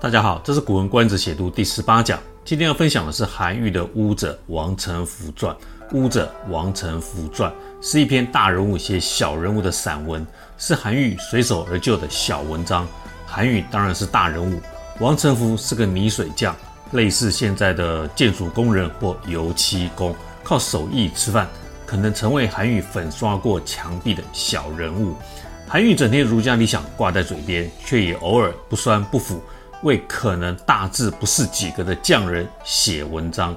大家好，這是《古文觀止》解讀第十八講。今天要分享的是韓愈的《圬者王承福傳》。《圬者王承福傳》是一篇大人物寫小人物的散文，是韓愈隨手而就的小文章。韓愈當然是大人物，王承福是個泥水匠，類似現在的建築工人或油漆工，靠手藝吃飯，可能曾為韓愈粉刷過牆壁的小人物。韓愈整天儒家理想掛在嘴邊，卻也偶爾不酸不腐。為可能大字不識幾個的匠人寫文章，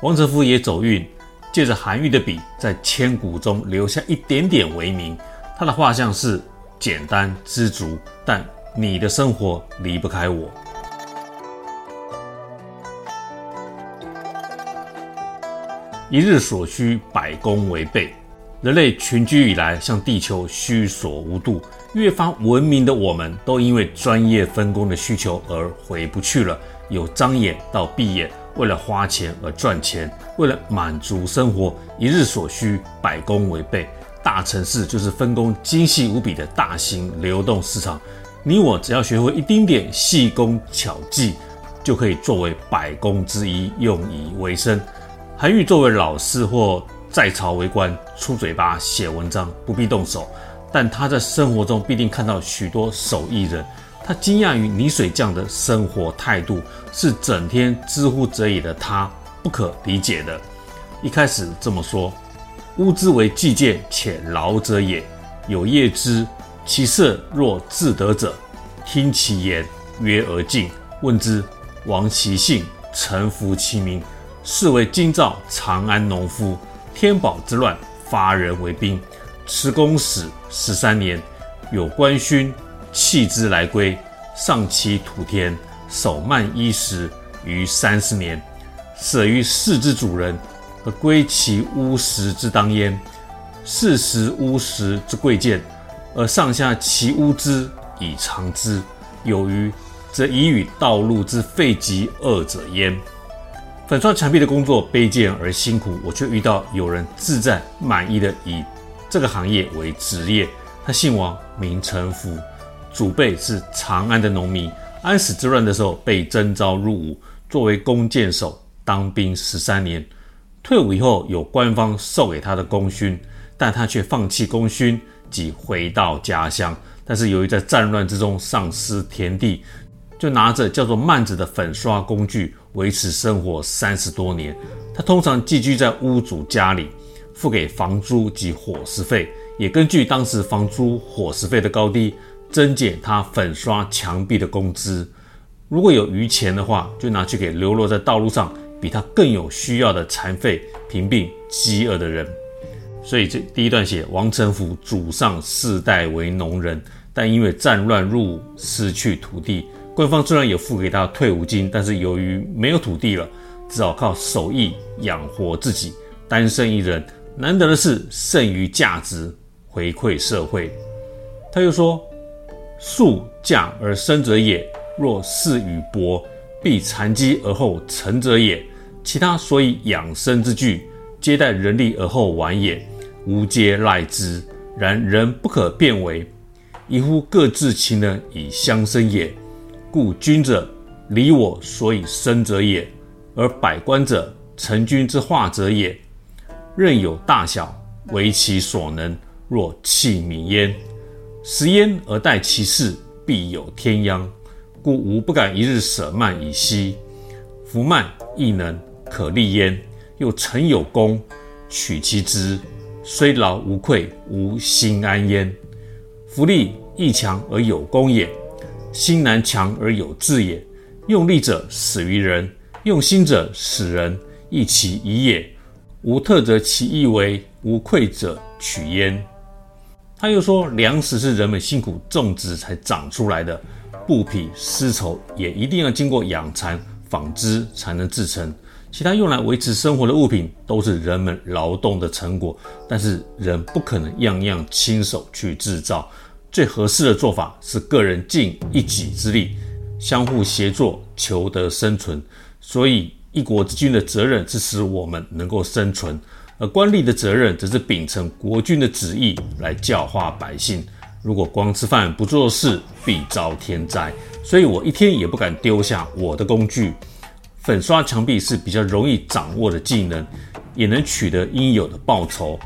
王承福也走運，借着韓愈的筆，在千古中留下一點點微名。他的畫像是簡單知足，但你的生活離不開我。一日所需，百工為備。人類群居以來，向地球需索無度，越發文明的我們都因為專業分工的需求而回不去了。由張眼到閉眼，為了花錢而賺錢，為了滿足生活一日所需，百工為備。大城市就是分工精細無比的大型流動市場。你我只要學會一丁點細工巧技，就可以作為百工之一，用以為生。韓愈作為老師或在朝為官，出嘴巴寫文章不必動手，但他在生活中必定看到許多手藝人。他驚訝於泥水匠的生活態度，是整天之乎者也的他不可理解的。一開始這麼說，圬之為技，賤且勞者也，有業之，其色若自得者。聽其言，約而盡；問之，王其姓，承福其名，世為京兆長安農夫。天寶之亂，發人為兵。持公使十三年，有官勳棄之來歸。上其土田，守慢衣食於三十年，舍於士之主人，而歸其屋食之當焉。四時屋食之貴賤，而上下其屋之以償之。有餘，則以與道路之廢疾餓者焉。粉刷牆壁的工作卑賤而辛苦，我卻遇到有人自在滿意地以這個行業為職業。他姓王，名承福，祖輩是長安的農民。安史之亂的時候被徵召入伍，作為弓箭手，當兵十三年。退伍以後有官方授給他的功勳，但他卻放棄功勳，即回到家鄉。但是由於在戰亂之中喪失田地。就拿着叫做鏝子的粉刷工具維持生活三十多年。他通常寄居在屋主家裡，付給房租及伙食費，也根據當時房租伙食費的高低增減他粉刷牆壁的工資。如果有餘錢的話，就拿去給流落在道路上比他更有需要的殘廢、貧病、飢餓的人。所以這第一段寫王承福祖上世代為農人，但因為戰亂入伍失去土地。官方雖然有付給他退伍金，但是由於沒有土地了，只好靠手藝養活自己，單身一人。難得的是，剩餘價值回饋社會。他又說：“樹稼而生者也，若事與薄，必殘積而後成者也。其他所以養生之具，皆待人力而後完也，吾皆賴之。然人不可變為，宜乎各自其能以相生也。”故君者，理我所以生者也；而百官者，承君之化者也。任有大小，惟其所能，若器皿焉。食焉而怠其事，必有天殃。故吾不敢一日舍鏝以嬉。夫鏝易能可力焉，又誠有功，取其直，雖勞無愧，吾心安焉。夫力易強而有功也。心難強而有志也。用力者使於人，用心者使人，亦其宜也。無特則其義為無愧者取焉。他又說，糧食是人們辛苦種植才長出來的，布匹、絲綢也一定要經過養蠶、紡織才能制成。其他用來維持生活的物品，都是人們勞動的成果，但是人不可能樣樣親手去製造。最合適的做法是個人盡一己之力，相互協作，求得生存。所以，一國之君的責任是使我們能夠生存，而官吏的責任則是秉承國君的旨意來教化百姓。如果光吃飯不做事，必遭天災。所以我一天也不敢丟下我的工具。粉刷牆壁是比較容易掌握的技能，也能取得應有的報酬。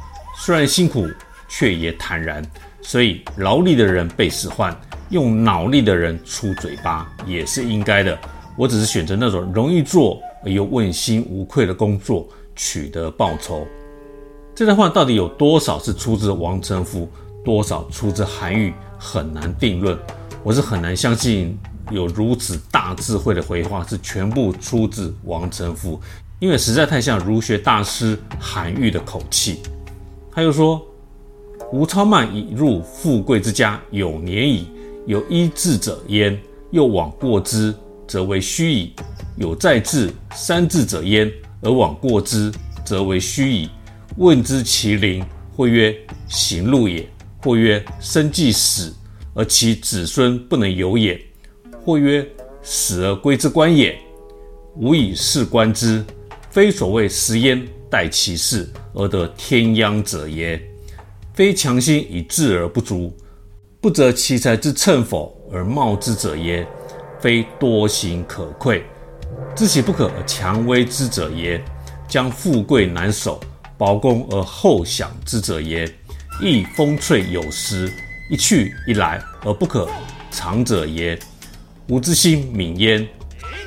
雖然辛苦，卻也坦然。所以勞力的人被使喚，用腦力的人出嘴巴也是應該的。我只是選擇那種容易做而又問心無愧的工作，取得報酬。這段話到底有多少是出自王承福，多少出自韓愈，很難定論。我是很難相信有如此大智慧的回話是全部出自王承福，因為實在太像儒學大師韓愈的口氣。他又說。吾操鏝以入富貴之家，有年矣。有一至者焉，又往過之，則為虛矣；有再至三至者焉，而往過之，則為虛矣。問之其鄰，或曰：“行路也。”或曰：“身既死，而其子孫不能有也。”或曰：“死而歸之官也。”吾以是觀之，非所謂食焉待其事而得天殃者也。非強心以智而不足，不擇其才之稱否而冒之者也；非多行可愧，知其不可而強為之者也；將富貴難守，薄功而後享之者也；亦風翠有時，一去一來而不可長者也。吾之心憫焉，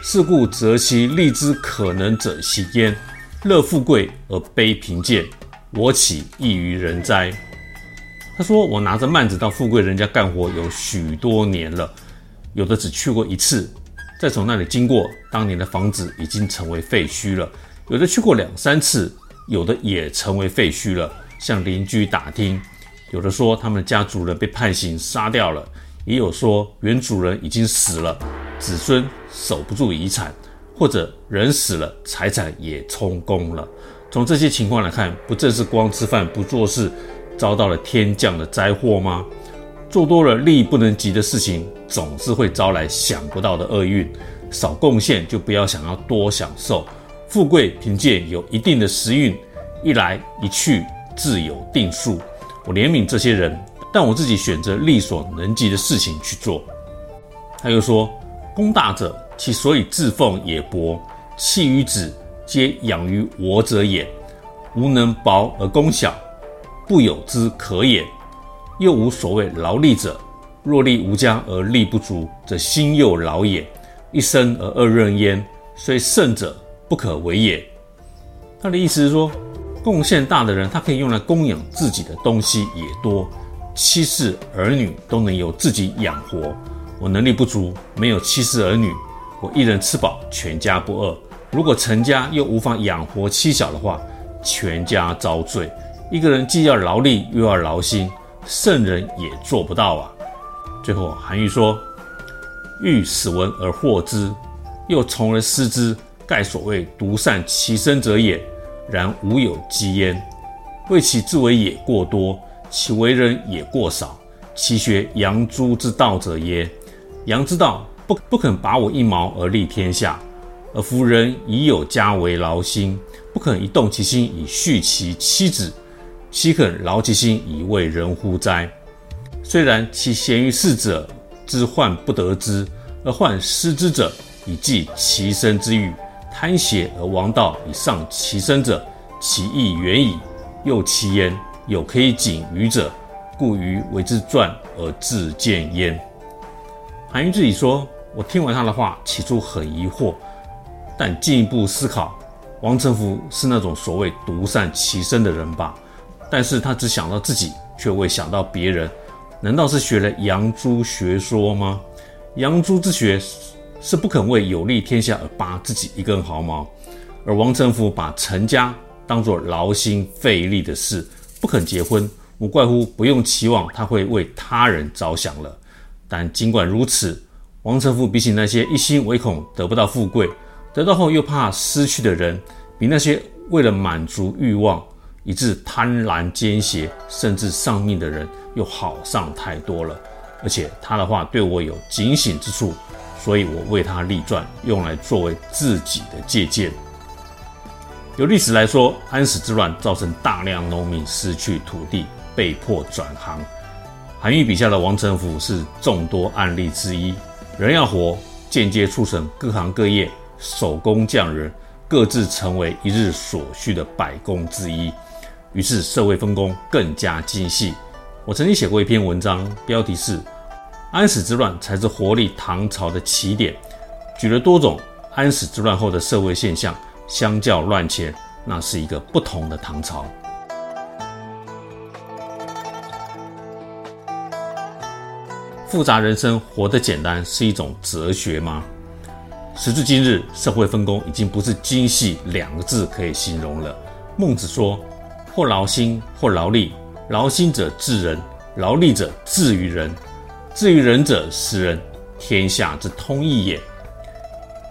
是故擇其力之可能者喜焉，樂富貴而悲貧賤，我豈異於人哉？他說：“我拿着鏝子到富貴人家幹活有許多年了，有的只去過一次，再從那裡經過，當年的房子已經成為廢墟了；有的去過兩三次，有的也成為廢墟了。向鄰居打聽，有的說他們家主人被判刑殺掉了，也有說原主人已經死了，子孫守不住遺產，或者人死了，財產也充公了。從這些情況來看，不正是光吃飯不做事？”遭到了天降的災禍嗎？做多了力不能及的事情，總是會招來想不到的厄運。少貢獻就不要想要多享受。富貴憑借有一定的時運，一來一去自有定數。我憐憫這些人，但我自己選擇力所能及的事情去做。他又說：“功大者，其所以自奉也薄；妻與子，皆養於我者也。吾能薄而功小。”不有之可也，又無所謂勞力者。若力無加而力不足，則心又勞也。一身而二任焉，雖聖者不可為也。他的意思是說，貢獻大的人，他可以用來供養自己的東西也多，妻室兒女都能由自己養活。我能力不足，沒有妻室兒女，我一人吃飽，全家不餓。如果成家又無法養活妻小的話，全家遭罪。一個人既要勞力又要勞心，聖人也做不到啊。最後韓愈說：“愈始聞而惑之，又從而思之，蓋所謂獨善其身者也。然無有譏焉，謂其自為也過多，其為人也過少。其學楊朱之道者也。楊之道不不肯拔我一毛而利天下，而夫人以有家為勞心，不肯一動其心以續其妻子。”豈肯勞其心以為人乎哉？雖然其賢於世者之患不得之，而患失之者以濟其身之欲，貪邪而亡道以喪其身者，其意遠矣。又其言有可以警愚者，故愚為之傳而自見焉。韓愈自己說：“我聽完他的話，起初很疑惑，但進一步思考，王承福是那種所謂獨善其身的人吧？”但是他只想到自己，卻未想到別人。難道是學了楊朱學說嗎？楊朱之學是不肯為有利天下而拔自己一根毫毛，而王承福把成家當作勞心費力的事，不肯結婚，無怪乎不用期望他會為他人着想了。但儘管如此，王承福比起那些一心唯恐得不到富貴，得到後又怕失去的人，比那些為了滿足欲望，以致貪婪奸邪，甚至喪命的人又好上太多了。而且他的話對我有警醒之處，所以我為他立傳，用來作為自己的借鑑。由歷史來說，安史之亂造成大量農民失去土地，被迫轉行。韓愈筆下的王承福是眾多案例之一。人要活，間接促成各行各業、手工匠人各自成為一日所需的百工之一。於是社會分工更加精細。我曾經寫過一篇文章，標題是《安史之亂才是活力唐朝的起點》，舉了多種安史之亂後的社會現象，相較亂前，那是一個不同的唐朝。複雜人生活得簡單是一種哲學嗎？時至今日，社會分工已經不是“精細”兩個字可以形容了。孟子說：或勞心，或勞力。勞心者治人，勞力者治於人。治於人者，食人，天下之通義也。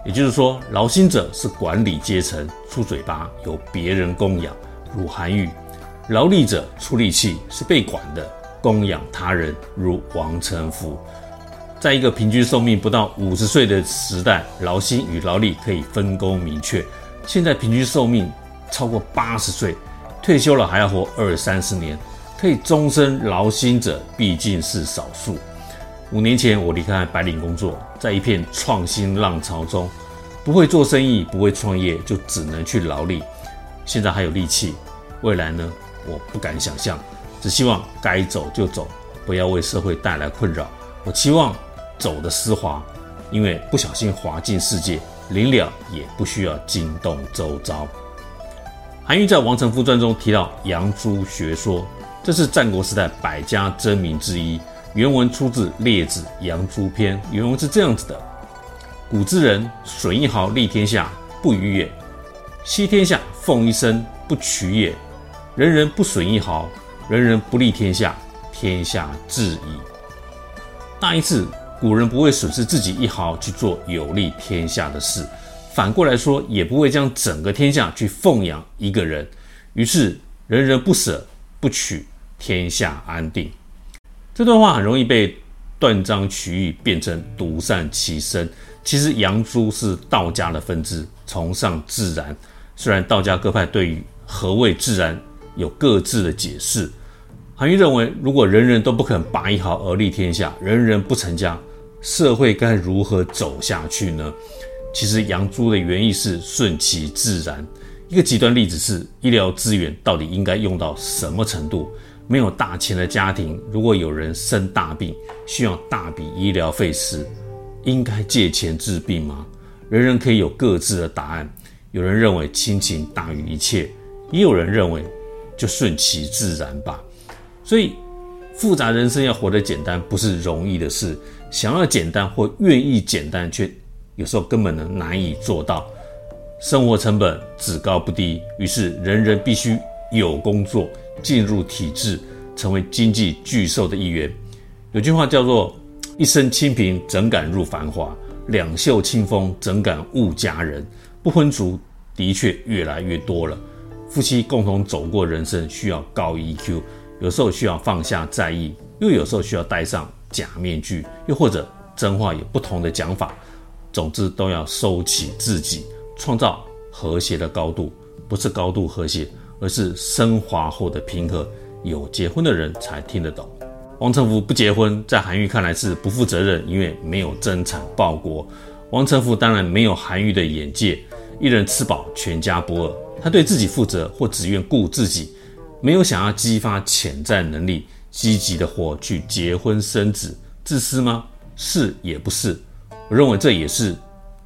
也就是說，勞心者是管理階層，出嘴巴，由別人供養，如韓愈；勞力者出力氣，是被管的，供養他人，如王承福。在一個平均壽命不到五十歲的時代，勞心與勞力可以分工明確。現在平均壽命超過八十歲。退休了還要活二三十年，可以終身勞心者畢竟是少數。五年前我離開白領工作，在一片創新浪潮中，不會做生意，不會創業，就只能去勞力。現在還有力氣，未來呢？我不敢想象，只希望該走就走，不要為社會帶來困擾。我期望走得絲滑，因為不小心滑進世界，臨了也不需要驚動周遭。韓愈在《王承福傳》中提到楊朱學說，這是戰國時代百家爭鳴之一。原文出自《列子·楊朱篇》，原文是這樣子的：“古之人損一毫利天下，不與也；悉天下奉一身，不取也。人人不損一毫，人人不利天下，天下治矣。”那一次，古人不會損失自己一毫去做有利天下的事。反過來說，也不會將整個天下去奉養一個人。於是，人人不舍不取，天下安定。這段話很容易被斷章取義，變成獨善其身。其實，楊朱是道家的分支，崇尚自然。雖然道家各派對於何謂自然有各自的解釋，韓愈認為，如果人人都不肯拔一毫而利天下，人人不成家，社會該如何走下去呢？其實養豬的原意是順其自然。一個極端例子是醫療資源到底應該用到什麼程度？沒有大錢的家庭，如果有人生大病需要大筆醫療費時，應該借錢治病嗎？人人可以有各自的答案。有人認為親情大於一切，也有人認為就順其自然吧。所以複雜人生要活得簡單，不是容易的事。想要簡單或願意簡單，卻。有時候根本能難以做到，生活成本只高不低，於是人人必須有工作，進入體制，成為經濟巨獸的一員。有句話叫做“一身清貧怎敢入繁華，兩袖清風怎敢誤佳人”。不婚族的確越來越多了，夫妻共同走過人生需要高 EQ，有時候需要放下在意，又有時候需要戴上假面具，又或者真話有不同的講法。總之都要收起自己，創造和諧的高度，不是高度和諧，而是升華後的平和。有結婚的人才聽得懂。王承福不結婚，在韓愈看來是不負責任，因為沒有增產報國。王承福當然沒有韓愈的眼界，一人吃飽全家不餓。他對自己負責，或只願顧自己，沒有想要激發潛在能力，積極地活去結婚生子，自私嗎？是也不是。我認為這也是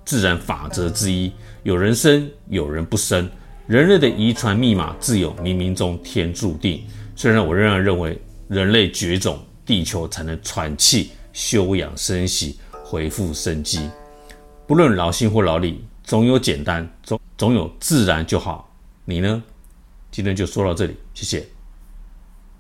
自然法則之一，有人生，有人不生。人類的遺傳密碼自有冥冥中天注定。雖然我仍然認為人類絕種，地球才能喘氣、休養生息、回復生機。不論勞心或勞力，總有簡單，總總有自然就好。你呢？今天就說到這裡，謝謝。